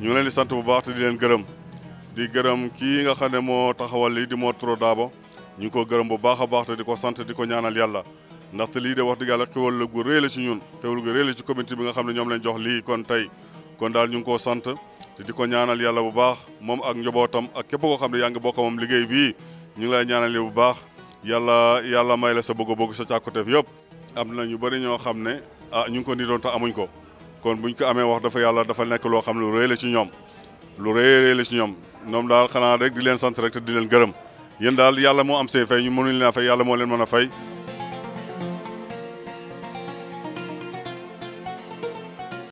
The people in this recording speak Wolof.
ñu ngi leen di sant bu baax te di gërëm di gërëm kii nga xam ne moo taxawal lii di Mor Touré Dabo ñu ngi ko gërëm bu baax a baax te di ko sant di ko ñaanal yàlla ndaxte lii de wax dëgg yàlla xéwal la gu réy la ci ñun xéwal gu réy la ci communauté bi nga xam ne ñoom lañ jox lii kon tey kon daal ñu ngi koo sant te di ko ñaanal yàlla bu baax moom ak njobootam ak képp ko xam ne yaa ngi bokk moom liggéey bii ñu ngi lay ñaanal bu baax yàlla yàlla may la sa bëgg-bëgg sa càkkuteef yëpp am na ñu bëri ñoo xam ne ah ñu ngi ko ni doon amuñ ko kon ñu ko amee wax dafa yàlla dafa nekk loo xam ne lu rëy la ci ñoom lu rëy rëy la ci ñoom ñoom daal xanaa rek di leen sant rek te di leen gërëm yéen daal yàlla moo am seen fay ñu mënuñ leen a yàlla moo leen mën a fay